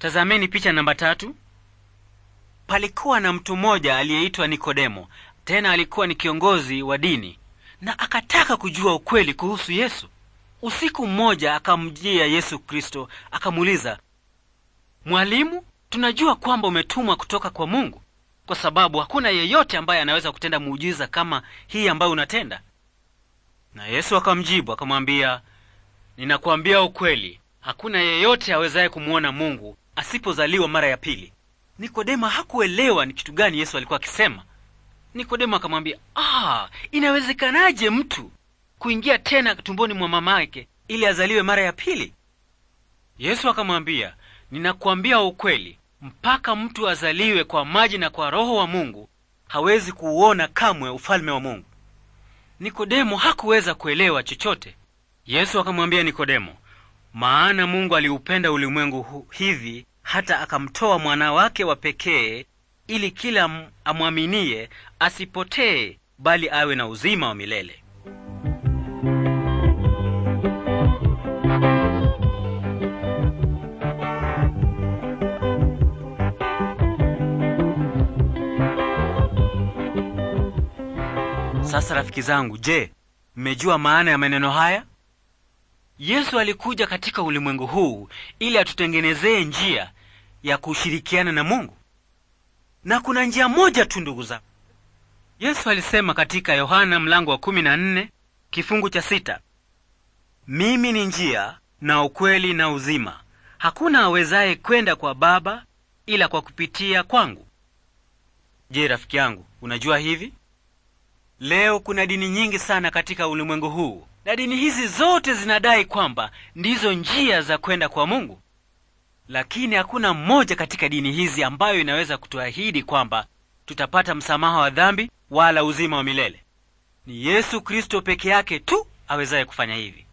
Tazameni picha namba tatu. Palikuwa na mtu mmoja aliyeitwa Nikodemo, tena alikuwa ni kiongozi wa dini na akataka kujua ukweli kuhusu Yesu. Usiku mmoja akamjia Yesu Kristo akamuuliza, Mwalimu, tunajua kwamba umetumwa kutoka kwa Mungu kwa sababu hakuna yeyote ambaye anaweza kutenda muujiza kama hii ambayo unatenda. Na Yesu akamjibu akamwambia, ninakuambia ukweli, hakuna yeyote awezaye kumwona Mungu asipozaliwa mara ya pili. Nikodema hakuelewa ni kitu gani Yesu alikuwa akisema. Nikodema akamwambia, ah, inawezekanaje mtu kuingia tena tumboni mwa mama yake ili azaliwe mara ya pili? Yesu akamwambia, ninakuambia ukweli, mpaka mtu azaliwe kwa maji na kwa Roho wa Mungu hawezi kuuona kamwe ufalme wa Mungu. Nikodemo hakuweza kuelewa chochote. Yesu akamwambia Nikodemo, maana Mungu aliupenda ulimwengu hivi hata akamtoa mwana wake wa pekee ili kila amwaminie asipotee bali awe na uzima wa milele. Sasa rafiki zangu, je, mmejua maana ya maneno haya? Yesu alikuja katika ulimwengu huu ili atutengenezee njia ya kushirikiana na Mungu, na kuna njia moja tu, ndugu zangu. Yesu alisema katika Yohana mlango wa 14 kifungu cha sita, mimi ni njia na ukweli na uzima, hakuna awezaye kwenda kwa Baba ila kwa kupitia kwangu. Je, rafiki yangu, unajua hivi? Leo kuna dini nyingi sana katika ulimwengu huu, na dini hizi zote zinadai kwamba ndizo njia za kwenda kwa Mungu. Lakini hakuna mmoja katika dini hizi ambayo inaweza kutuahidi kwamba tutapata msamaha wa dhambi wala uzima wa milele. Ni Yesu Kristo peke yake tu awezaye kufanya hivi.